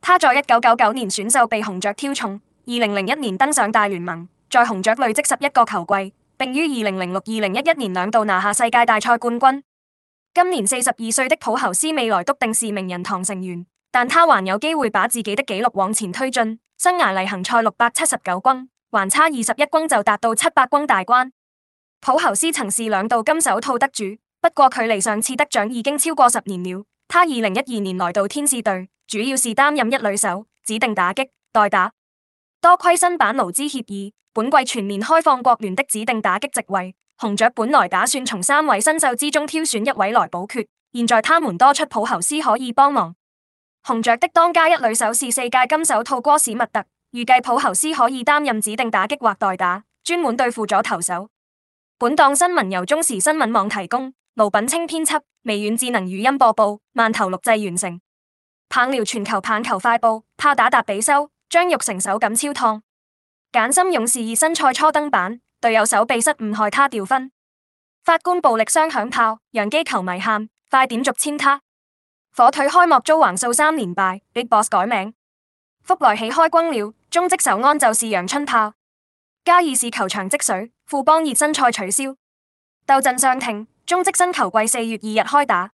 他在一九九九年選秀被紅雀挑中，二零零一年登上大聯盟，在紅雀累積十一個球季，并於二零零六二零一一年兩度拿下世界大賽冠軍。今年四十二歲的普侯斯未來篤定是名人堂成員，但他還有機會把自己的紀錄往前推進。生涯例行賽六百七十九轟，還差二十一轟就達到七百轟大關。普侯斯曾是兩度金手套得主，不過距離上次得獎已經超過十年了。他二零一二年來到天使隊，主要是擔任一壘手、指定打擊、代打。多虧新版勞資協議，本季全面開放國聯的指定打擊席位。紅雀本來打算從三位新秀之中挑選一位來補缺，現在他們多出普侯斯可以幫忙。紅雀的當家一壘手是四屆金手套哥史密特，預計普侯斯可以擔任指定打擊或代打，專門對付左投手。本檔新聞由中時新聞網提供。無品清編輯，微軟智能語音播報，饅頭錄製完成。棒聊全球棒球快報，炮打達比修，張育成手感超燙。簡心勇士熱身賽初登板，隊友手臂失誤害他掉分。法官暴力雙響炮，洋基球迷喊：快點續簽他！火腿開幕遭橫掃三連敗，Big Boss 改名。福來喜開轟了，中職首安就是陽春炮。嘉義市球場積水，富邦熱身賽取消。鬥陣上庭。中職新球季四月二日開打。